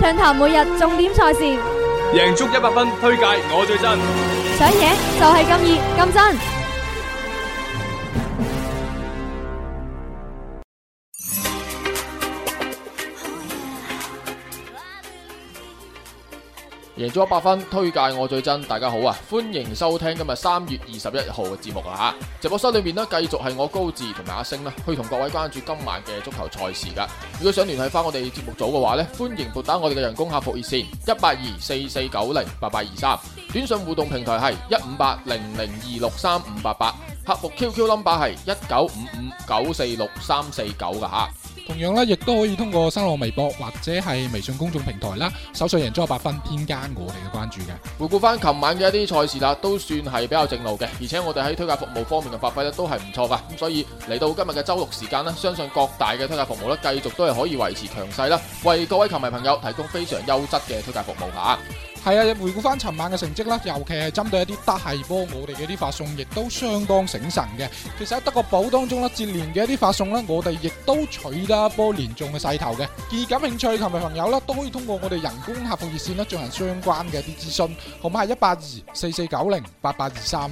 暢談每日重點賽事，贏足 100FUN，推介我最真，想贏就係咁熱咁真。贏足一百 FUN，推介我最真。大家好啊，歡迎收聽今日三月二十一號嘅節目啊吓。直播室裏面呢，繼續係我高志同埋阿星啦，去同各位關注今晚嘅足球賽事噶。如果想聯繫翻我哋節目組嘅話呢，歡迎撥打我哋嘅人工客服熱線一八二四四九零八八二三，短信互動平台係一五八零零二六三五八八，客服 QQ 冧把係一九五五九四六三四九噶吓。同樣咧，亦都可以通過新浪微博或者係微信公眾平台啦，搜索贏足 100FUN，添加我哋嘅關注嘅。回顧翻琴晚嘅一啲賽事啦，都算係比較正路嘅，而且我哋喺推介服務方面嘅發揮咧都係唔錯噶咁所以嚟到今日嘅周六時間咧，相信各大嘅推介服務咧，繼續都係可以維持強勢啦，為各位球迷朋友提供非常優質嘅推介服務吓。係啊，回顧翻尋晚嘅成績啦，尤其係針對一啲德係波，我哋嘅啲發送亦都相當醒神嘅。其實喺德國寶當中啦，接連嘅一啲發送呢，我哋亦都取得一波連中嘅勢頭嘅。而感興趣嘅球迷朋友呢，都可以通過我哋人工客服熱線呢，進行相關嘅一啲諮詢，號碼係一八二四四九零八八二三。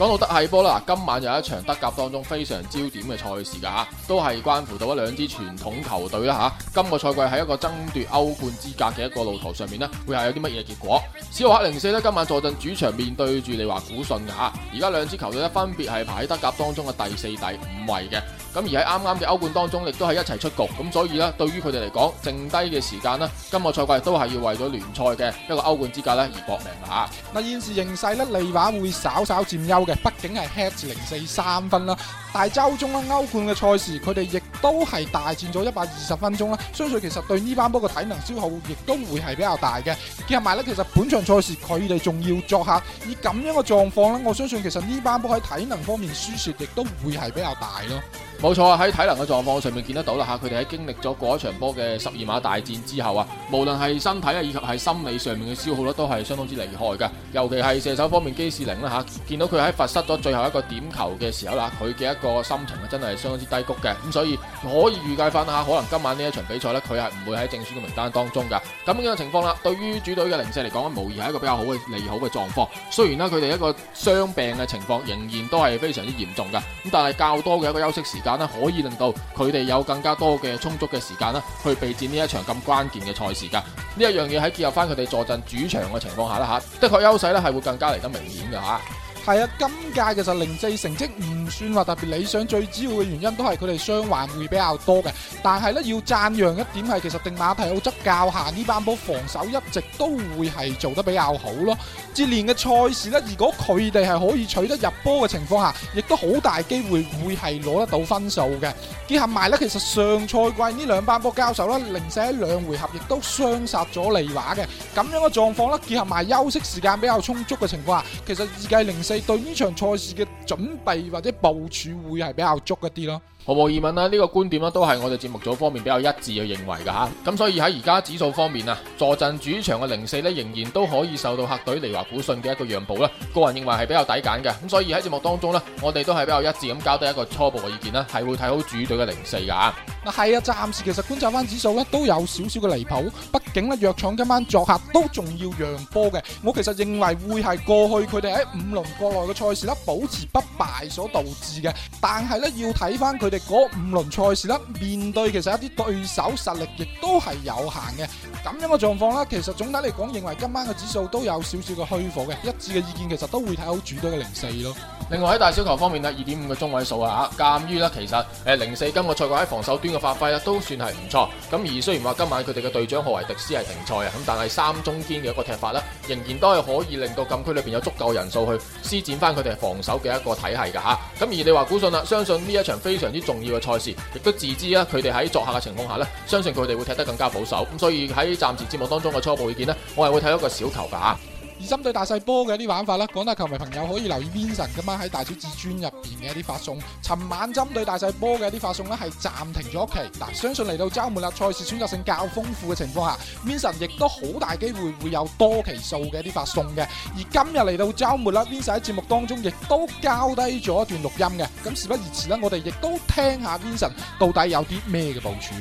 講到德系波啦，今晚又有一場德甲當中非常焦點嘅賽事噶吓，都係關乎到一兩支傳統球隊啦吓。今個賽季喺一個爭奪歐冠資格嘅一個路途上面咧，會係有啲乜嘢結果？斯洛卡零四咧，今晚坐鎮主場面對住利華古信噶吓。而家兩支球隊咧，分別係排喺德甲當中嘅第四、第五位嘅。咁而喺啱啱嘅歐冠當中，亦都係一齊出局，咁所以呢，對於佢哋嚟講，剩低嘅時間呢，今個賽季都係要為咗聯賽嘅一個歐冠資格呢而搏命啦。嗱，現時形勢呢，利雅會稍稍佔優嘅，畢竟係 head 零四三分啦。但係週中呢歐冠嘅賽事，佢哋亦都係大戰咗一百二十分鐘啦。相信其實對呢班波嘅體能消耗，亦都會係比較大嘅。結合埋呢，其實本場賽事佢哋仲要作客，以咁樣嘅狀況呢，我相信其實呢班波喺體能方面輸蝕，亦都會係比較大咯。冇錯啊！喺體能嘅狀況上面見得到啦嚇，佢哋喺經歷咗嗰一場波嘅十二碼大戰之後啊，無論係身體啊以及係心理上面嘅消耗咧，都係相當之厲害嘅。尤其係射手方面基士寧啦嚇，見到佢喺罰失咗最後一個點球嘅時候啦，佢嘅一個心情啊真係相當之低谷嘅。咁所以可以預計翻下，可能今晚呢一場比賽呢，佢係唔會喺正選嘅名單當中㗎。咁樣嘅情況啦，對於主隊嘅零四嚟講，無疑係一個比較好嘅利好嘅狀況。雖然呢，佢哋一個傷病嘅情況仍然都係非常之嚴重嘅，咁但係較多嘅一個休息時間。可以令到佢哋有更加多嘅充足嘅時間啦，去備戰呢一場咁關鍵嘅賽事噶。呢一樣嘢喺結合翻佢哋坐鎮主場嘅情況下啦，吓，的確優勢咧，係會更加嚟得明顯嘅吓。係啊，今屆其實零四成績唔算話特別理想，最主要嘅原因都係佢哋雙環會比較多嘅。但係咧，要贊揚一點係，其實定馬提奧執教下呢班波防守一直都會係做得比較好咯。接連嘅賽事咧，如果佢哋係可以取得入波嘅情況下，亦都好大機會會係攞得到分數嘅。結合埋咧，其實上賽季呢兩班波交手咧，零四兩回合亦都雙殺咗利華嘅咁樣嘅狀況咧，結合埋休息時間比較充足嘅情況下，其實預計零。你對呢場賽事嘅準備或者部署會係比較足一啲咯。毫無疑問啦，呢、這個觀點咧都係我哋節目組方面比較一致嘅認為噶吓，咁所以喺而家指數方面啊，坐鎮主場嘅零四咧仍然都可以受到客隊利華古遜嘅一個讓步啦，個人認為係比較抵揀嘅，咁所以喺節目當中咧，我哋都係比較一致咁交低一個初步嘅意見啦，係會睇好主隊嘅零四噶吓。嗱係啊，暫時其實觀察翻指數咧都有少少嘅離譜，畢竟咧藥廠今晚作客都仲要讓波嘅，我其實認為會係過去佢哋喺五輪國內嘅賽事啦保持不敗所導致嘅，但係咧要睇翻佢。我哋嗰五輪賽事啦，面對其實一啲對手實力亦都係有限嘅，咁樣嘅狀況啦，其實總體嚟講，認為今晚嘅指數都有少少嘅虛火嘅，一致嘅意見其實都會睇好主隊嘅零四咯。另外喺大小球方面呢，二點五嘅中位數啊，鑒於呢其實誒零四今個賽季喺防守端嘅發揮呢都算係唔錯，咁而雖然話今晚佢哋嘅隊長何維迪斯係停賽啊，咁但係三中堅嘅一個踢法呢，仍然都係可以令到禁區裏邊有足夠人數去施展翻佢哋防守嘅一個體系噶吓，咁而你話估信啦，相信呢一場非常之重要嘅賽事，亦都自知啊佢哋喺作客嘅情況下呢，相信佢哋會踢得更加保守，咁所以喺暫時節目當中嘅初步意見呢，我係會睇一個小球噶吓。而針對大細波嘅一啲玩法咧，廣大球迷朋友可以留意 Vincent 今晚喺大小至尊入邊嘅一啲發送。尋晚針對大細波嘅一啲發送咧，係暫停咗一期。嗱，相信嚟到周末啦，賽事選擇性較豐富嘅情況下，Vincent 亦都好大機會會有多期數嘅一啲發送嘅。而今日嚟到周末啦，Vincent 喺節目當中亦都交低咗一段錄音嘅。咁事不宜遲啦，我哋亦都聽下 Vincent 到底有啲咩嘅部署。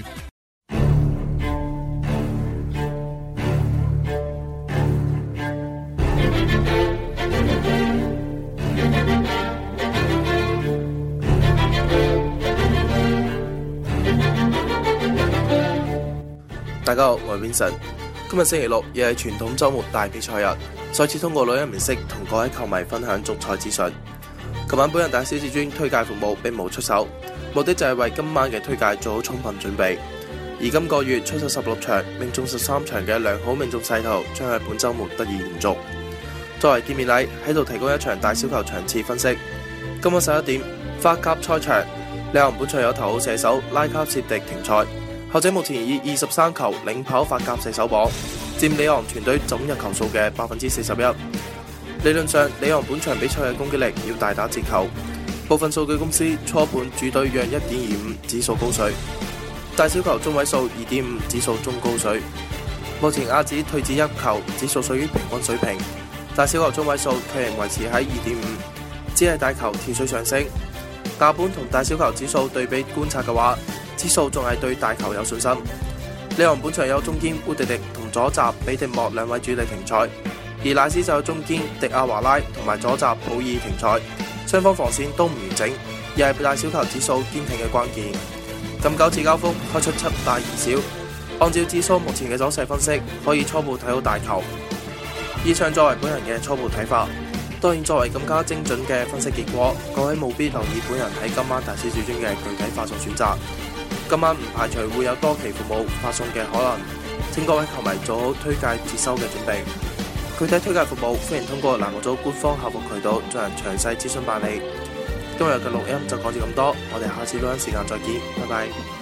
大家好，我係 Vincent。今日星期六，亦係傳統周末大比賽日，再次通過女人分析同各位球迷分享足彩資訊。琴晚本人大小至尊推介服務並無出手，目的就係為今晚嘅推介做好充分準備。而今個月出手十六場命中十三場嘅良好命中勢頭，將喺本周末得以延續。作為見面禮，喺度提供一場大小球場次分析。今晚十一點，法甲賽場，里昂本場有頭號射手拉卡切迪停賽。後者目前以二十三球領跑法甲射手榜，佔里昂團隊總入球數嘅百分之四十一。理論上，里昂本場比賽嘅攻擊力要大打折扣。部分數據公司初盤主隊讓一點二五，指數高水；大小球中位數二點五，指數中高水。目前亞指退至一球，指數屬於平均水平；大小球中位數卻仍維持喺二點五，只係大球跳水上升。大盤同大小球指數對比觀察嘅話，指數仲係對大球有信心。李昂本場有中堅烏迪迪同左閘比迪莫兩位主力停賽，而乃斯就有中堅迪阿華拉同埋左閘普爾停賽，雙方防線都唔完整，又係大小球指數堅挺嘅關鍵。咁九次交鋒開出七大二小，按照指數目前嘅走勢分析，可以初步睇到大球。以上作為本人嘅初步睇法，當然作為更加精準嘅分析結果，各位務必留意本人喺今晚大市主鑽嘅具體化作選擇。今晚唔排除會有多期服務發送嘅可能，請各位球迷做好推介接收嘅準備。具體推介服務，歡迎通過欄目組官方客服渠道進行詳細諮詢辦理。今日嘅錄音就講住咁多，我哋下次錄音時間再見，拜拜。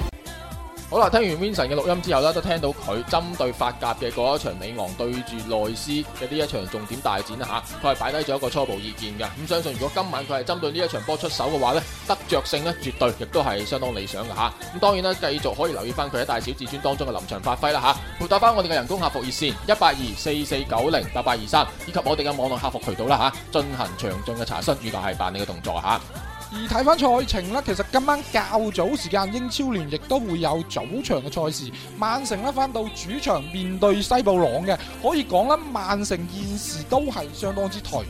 好啦，聽完 Vincent 嘅錄音之後呢，都聽到佢針對法甲嘅嗰一場美昂對住內斯嘅呢一場重點大戰啦吓，佢係擺低咗一個初步意見嘅。咁相信如果今晚佢係針對呢一場波出手嘅話呢，得着性呢，絕對亦都係相當理想嘅吓。咁當然啦，繼續可以留意翻佢喺大小至尊當中嘅臨場發揮啦吓。撥打翻我哋嘅人工客服熱線一八二四四九零八八二三，23, 以及我哋嘅網絡客服渠道啦吓，進行詳盡嘅查詢，呢個係辦理嘅動作吓。而睇翻賽程呢，其實今晚較早時間英超聯亦都會有早場嘅賽事，曼城呢，翻到主場面對西布朗嘅，可以講呢，曼城現時都係相當之頹。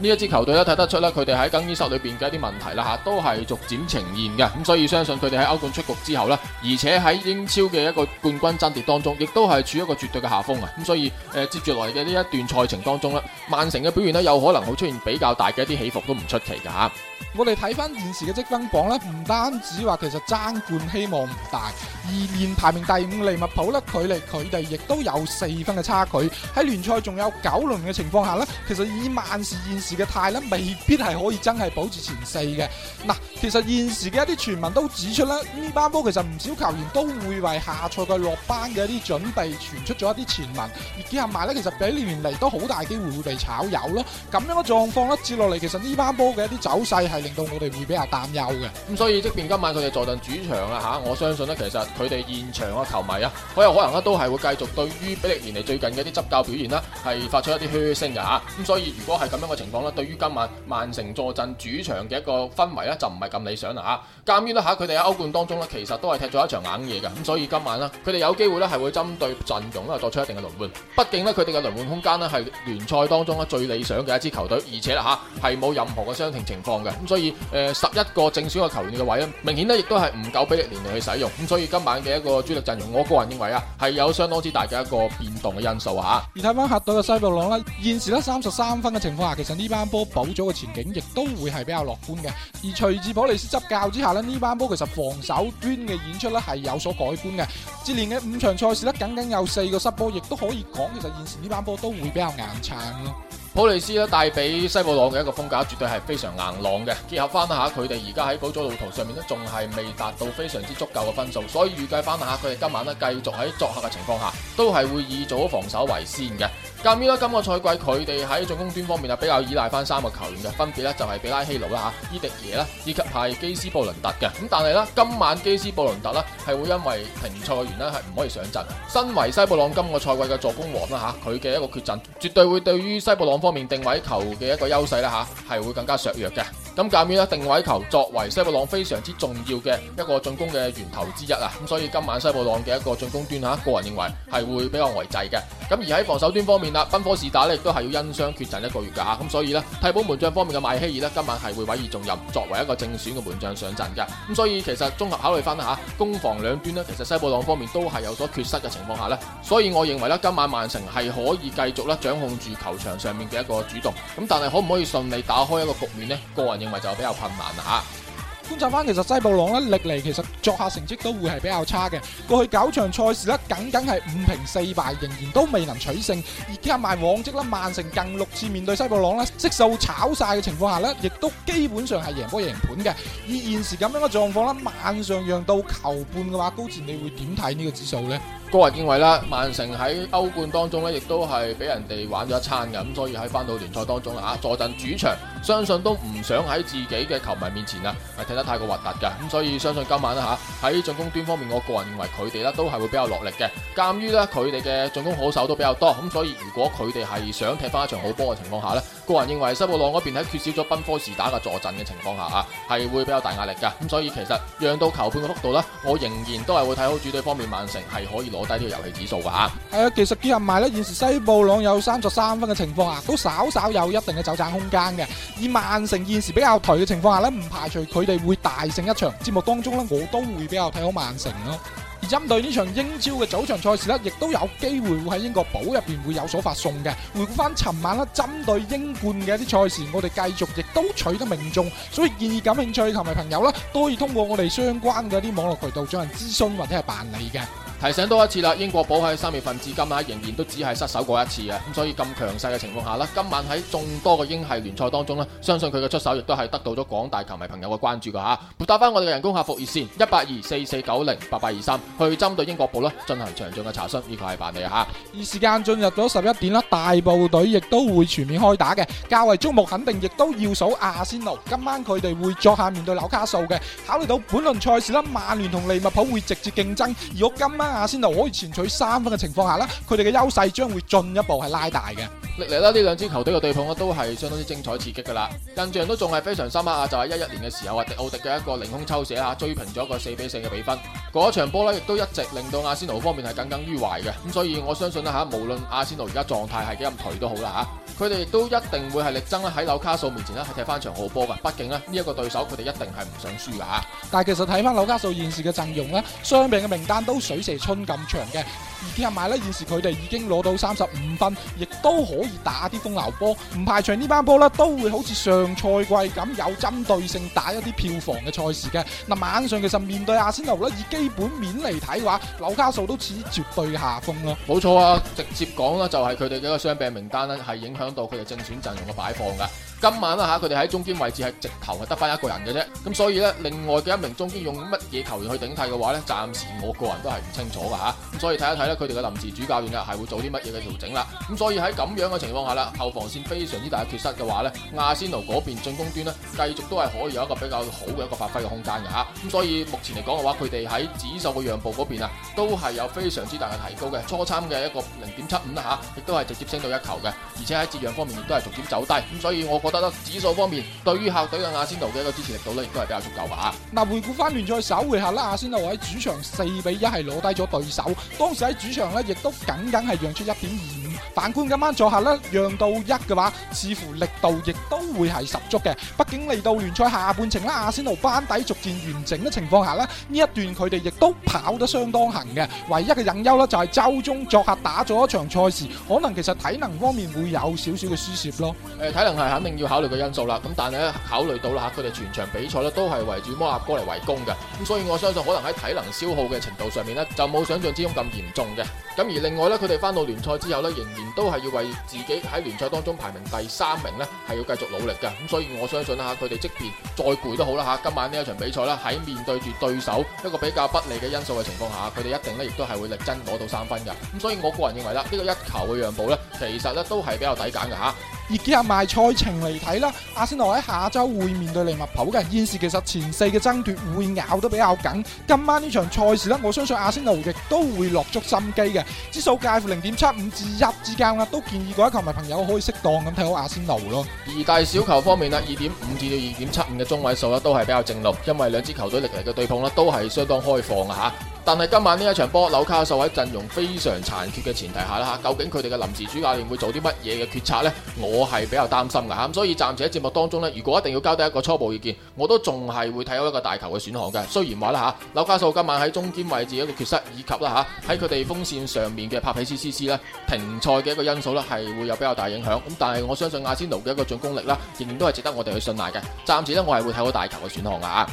呢一支球隊呢，睇得出呢，佢哋喺更衣室裏邊嘅一啲問題啦吓，都係逐漸呈現嘅。咁所以相信佢哋喺歐冠出局之後呢，而且喺英超嘅一個冠軍爭奪當中，亦都係處於一個絕對嘅下風啊。咁所以誒、呃，接住落嚟嘅呢一段賽程當中呢，曼城嘅表現呢，有可能會出現比較大嘅一啲起伏，都唔出奇嘅吓。我哋睇翻現時嘅積分榜咧，唔單止話其實爭冠希望唔大，而連排名第五利物浦咧距離佢哋亦都有四分嘅差距。喺聯賽仲有九輪嘅情況下咧，其實以萬事現時嘅態咧，未必係可以真係保持前四嘅嗱。其實現時嘅一啲傳聞都指出咧，呢班波其實唔少球員都會為下賽季落班嘅一啲準備傳出咗一啲傳聞，而結合埋咧其實比利年嚟都好大機會會被炒魷咯。咁樣嘅狀況咧接落嚟，其實呢班波嘅一啲走勢係令到我哋會比較擔憂嘅。咁、嗯、所以即便今晚佢哋坐陣主場啊嚇，我相信呢，其實佢哋現場嘅球迷啊，好有可能咧都係會繼續對於比利年嚟最近嘅一啲執教表現啦，係發出一啲嘘聲嘅嚇。咁、啊嗯、所以如果係咁樣嘅情況咧，對於今晚曼城坐陣主場嘅一個氛圍咧，就唔係咁理想啦嚇，鑒於咧嚇佢哋喺歐冠當中咧，其實都係踢咗一場硬嘢嘅，咁所以今晚呢，佢哋有機會咧係會針對陣容咧作出一定嘅輪換。畢竟呢，佢哋嘅輪換空間呢，係聯賽當中咧最理想嘅一支球隊，而且啦嚇係冇任何嘅傷停情況嘅，咁所以誒十一個正選嘅球員嘅位，明顯呢，亦都係唔夠比例年齡去使用，咁所以今晚嘅一個主力陣容，我個人認為啊係有相當之大嘅一個變動嘅因素啊。而睇翻客隊嘅西布朗呢，現時呢，三十三分嘅情況下，其實呢班波補咗嘅前景亦都會係比較樂觀嘅，而隨之。喺尼斯執教之下咧，呢班波其實防守端嘅演出咧係有所改觀嘅。接連嘅五場賽事咧，僅僅有四個失波，亦都可以講其實現時呢班波都會比較硬撐咯。普利斯咧帶俾西布朗嘅一個風格，絕對係非常硬朗嘅。結合翻下佢哋而家喺保組路途上面咧，仲係未達到非常之足夠嘅分數，所以預計翻下佢哋今晚咧繼續喺作客嘅情況下，都係會以做好防守為先嘅。咁至於今個賽季佢哋喺進攻端方面啊，比較依賴翻三個球員嘅分別咧，就係比拉希魯啦、哈伊迪耶啦，以及係基斯布倫特嘅。咁但係咧今晚基斯布倫特咧係會因為停賽嘅原因係唔可以上陣。身為西布朗今個賽季嘅助攻王啦，嚇佢嘅一個缺陣，絕對會對於西布朗方面定位球嘅一個優勢啦吓，係會更加削弱嘅。咁鑒於呢定位球作為西布朗非常之重要嘅一個進攻嘅源頭之一啊，咁所以今晚西布朗嘅一個進攻端吓、啊，個人認為係會比較呆滯嘅。咁而喺防守端方面啦、啊，賓科士打咧亦都係要因傷缺陣一個月噶吓、啊。咁所以咧替補門將方面嘅麥希爾咧今晚係會委以重任，作為一個正選嘅門將上陣嘅。咁所以其實綜合考慮翻吓攻防兩端咧，其實西布朗方面都係有所缺失嘅情況下咧，所以我認為咧今晚曼城係可以繼續咧掌控住球場上面嘅一個主動。咁但係可唔可以順利打開一個局面咧？個人認同埋就比較困難吓。觀察翻，其實西布朗呢，歷嚟其實作客成績都會係比較差嘅。過去九場賽事呢，僅僅係五平四敗，仍然都未能取勝。而加埋往績咧，曼城近六次面對西布朗呢，悉數炒晒嘅情況下呢，亦都基本上係贏波贏盤嘅。而現時咁樣嘅狀況咧，晚上讓到球半嘅話，高志你會點睇呢個指數呢？高人認為啦，曼城喺歐冠當中呢，亦都係俾人哋玩咗一餐嘅，咁所以喺翻到聯賽當中啊，坐陣主場，相信都唔想喺自己嘅球迷面前啊。太過核突㗎，咁所以相信今晚啦吓喺進攻端方面，我個人認為佢哋咧都係會比較落力嘅。鑒於咧佢哋嘅進攻好手都比較多，咁所以如果佢哋係想踢翻一場好波嘅情況下咧。個人認為西布朗嗰邊喺缺少咗賓科士打嘅助陣嘅情況下啊，係會比較大壓力噶。咁所以其實讓到球半嘅幅度呢，我仍然都係會睇好主隊方面，曼城係可以攞低呢個遊戲指數噶嚇。係啊，其實結合埋呢現時西布朗有三十三分嘅情況啊，都稍稍有一定嘅走盞空間嘅。以曼城現時比較頹嘅情況下呢，唔排除佢哋會大勝一場。節目當中呢，我都會比較睇好曼城咯。而針對呢場英超嘅早場賽事咧，亦都有機會會喺英國寶入邊會有所發送嘅。回顧翻尋晚啦，針對英冠嘅啲賽事，我哋繼續亦都取得命中，所以建議感興趣嘅球迷朋友啦，都可以通過我哋相關嘅啲網絡渠道進行諮詢或者係辦理嘅。提醒多一次啦，英國寶喺三月份至今啊，仍然都只係失手過一次啊！咁所以咁強勢嘅情況下啦，今晚喺眾多嘅英系聯賽當中咧，相信佢嘅出手亦都係得到咗廣大球迷朋友嘅關注噶吓。撥打翻我哋嘅人工客服熱線一八二四四九零八八二三，23, 去針對英國寶咧進行詳盡嘅查詢，呢個係辦理吓。而時間進入咗十一點啦，大部隊亦都會全面開打嘅。較為矚目，肯定亦都要數阿仙奴，今晚佢哋會作下面對紐卡素嘅。考慮到本輪賽事啦，曼聯同利物浦會直接競爭，如果今晚。阿仙奴，可以、啊、前取三分嘅情況下咧，佢哋嘅優勢將會進一步係拉大嘅。歷來呢，呢兩支球隊嘅對碰呢都係相當之精彩刺激噶啦，印象都仲係非常深刻啊！就係一一年嘅時候啊，迪奧迪嘅一個凌空抽射啊，追平咗一個四比四嘅比分。嗰場波咧，亦都一直令到阿仙奴方面係耿耿於懷嘅。咁所以我相信咧嚇，無論阿仙奴而家狀態係幾咁頹都好啦嚇，佢哋亦都一定會係力爭咧喺紐卡素面前呢，係踢翻場好波㗎。畢竟呢，呢一個對手，佢哋一定係唔想輸㗎嚇。但係其實睇翻紐卡素現時嘅陣容呢，傷病嘅名單都水蛇春咁長嘅。而且埋呢，現時佢哋已經攞到三十五分，亦都可以打啲風流波，唔排除呢班波呢，都會好似上賽季咁有針對性打一啲票房嘅賽事嘅。嗱晚上其實面對阿仙奴呢。已經。基本面嚟睇嘅話，劉嘉秀都處於絕對下風咯。冇錯啊，直接講啦，就係佢哋嘅一個傷病名單咧，係影響到佢哋正選陣容嘅擺放噶。今晚啦吓，佢哋喺中堅位置係直頭係得翻一個人嘅啫，咁所以咧，另外嘅一名中堅用乜嘢球員去頂替嘅話咧，暫時我個人都係唔清楚噶吓，咁所以睇一睇咧，佢哋嘅臨時主教練咧係會做啲乜嘢嘅調整啦，咁所以喺咁樣嘅情況下啦，後防線非常之大嘅缺失嘅話咧，阿仙奴嗰邊進攻端咧繼續都係可以有一個比較好嘅一個發揮嘅空間嘅吓，咁所以目前嚟講嘅話，佢哋喺指數嘅讓步嗰邊啊，都係有非常之大嘅提高嘅，初參嘅一個零點七五啦吓，亦都係直接升到一球嘅，而且喺折讓方面亦都係逐漸走低，咁所以我。我覺得得，指數方面對於校隊嘅阿仙奴嘅一個支持力度咧，亦都係比較足夠嘅嚇。嗱，回顧翻聯賽首回合啦，阿仙奴喺主場四比一係攞低咗對手，當時喺主場咧亦都僅僅係讓出一點二。反觀今晚作客呢，讓到一嘅話，似乎力度亦都會係十足嘅。畢竟嚟到聯賽下半程啦，阿仙奴班底逐漸完整嘅情況下呢，呢一段佢哋亦都跑得相當行嘅。唯一嘅隱憂呢，就係周中作客打咗一場賽事，可能其實體能方面會有少少嘅疏蝕輸蝕咯。誒，體能係肯定要考慮嘅因素啦。咁但係考慮到啦嚇，佢哋全場比賽咧都係圍住摩納哥嚟圍攻嘅，咁所以我相信可能喺體能消耗嘅程度上面呢，就冇想象之中咁嚴重嘅。咁而另外呢，佢哋翻到聯賽之後呢，仍然都係要為自己喺聯賽當中排名第三名呢，係要繼續努力嘅。咁所以我相信啦，吓佢哋即便再攰都好啦，吓今晚呢一場比賽咧，喺面對住對手一個比較不利嘅因素嘅情況下，佢哋一定呢亦都係會力爭攞到三分嘅。咁所以我個人認為啦，呢個一球嘅讓步呢，其實呢都係比較抵揀嘅吓。而結合埋賽程嚟睇啦，阿仙奴喺下周會面對利物浦嘅，現時其實前四嘅爭奪會咬得比較緊。今晚呢場賽事咧，我相信阿仙奴亦都會落足心機嘅，指數介乎零點七五至一之間啦，都建議各位球迷朋友可以適當咁睇好阿仙奴咯。而大小球方面啦，二點五至到二點七五嘅中位數啦，都係比較正路，因為兩支球隊歷嚟嘅對碰咧都係相當開放啊嚇。但係今晚呢一場波，紐卡素喺陣容非常殘缺嘅前提下啦，究竟佢哋嘅臨時主教練會做啲乜嘢嘅決策呢？我係比較擔心㗎嚇。所以暫時喺節目當中呢，如果一定要交低一個初步意見，我都仲係會睇好一個大球嘅選項嘅。雖然話啦嚇，紐卡素今晚喺中堅位置一個缺失，以及啦嚇喺佢哋風扇上面嘅帕比斯斯斯呢，停賽嘅一個因素呢係會有比較大影響。咁但係我相信亞仙奴嘅一個進攻力呢，仍然都係值得我哋去信賴嘅。暫時呢，我係會睇好大球嘅選項啊。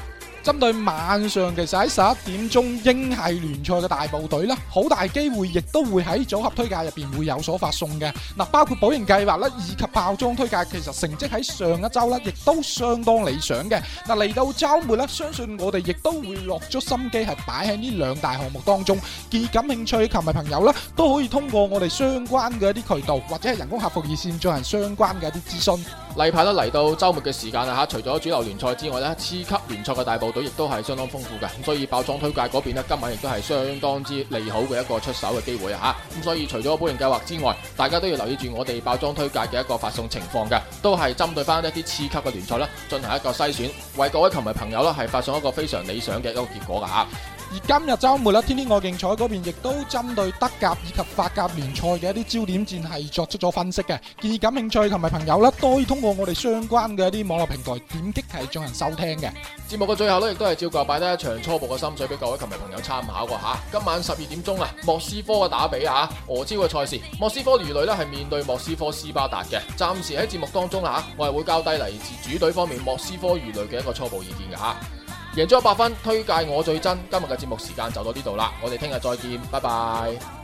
針對晚上其實喺十一點鐘英系聯賽嘅大部隊啦，好大機會亦都會喺組合推介入邊會有所發送嘅。嗱，包括保贏計劃啦，以及爆裝推介，其實成績喺上一週啦，亦都相當理想嘅。嗱，嚟到週末啦，相信我哋亦都會落足心機係擺喺呢兩大項目當中。既感興趣嘅球迷朋友啦，都可以通過我哋相關嘅一啲渠道，或者係人工客服熱線進行相關嘅一啲諮詢。例牌啦，嚟到週末嘅時間啦嚇，除咗主流聯賽之外咧，次級聯賽嘅大部隊亦都係相當豐富嘅，所以爆裝推介嗰邊呢，今晚亦都係相當之利好嘅一個出手嘅機會吓，咁、啊、所以除咗保型計劃之外，大家都要留意住我哋爆裝推介嘅一個發送情況嘅，都係針對翻一啲次級嘅聯賽啦，進行一個篩選，為各位球迷朋友啦係發送一個非常理想嘅一個結果噶。啊而今日周末咧，天天外競彩嗰邊亦都針對德甲以及法甲聯賽嘅一啲焦點戰係作出咗分析嘅，建議感興趣同埋朋友咧，都可以通過我哋相關嘅一啲網絡平台點擊係進行收聽嘅。節目嘅最後咧，亦都係照舊擺低一場初步嘅心水俾各位球迷朋友參考嘅吓。今晚十二點鐘啊，莫斯科嘅打比啊，俄超嘅賽事，莫斯科魚雷呢，係面對莫斯科斯巴達嘅，暫時喺節目當中吓，我係會交低嚟自主隊方面莫斯科魚雷嘅一個初步意見嘅吓。贏咗一百分，推介我最真。今日嘅節目時間就到呢度啦，我哋聽日再見，拜拜。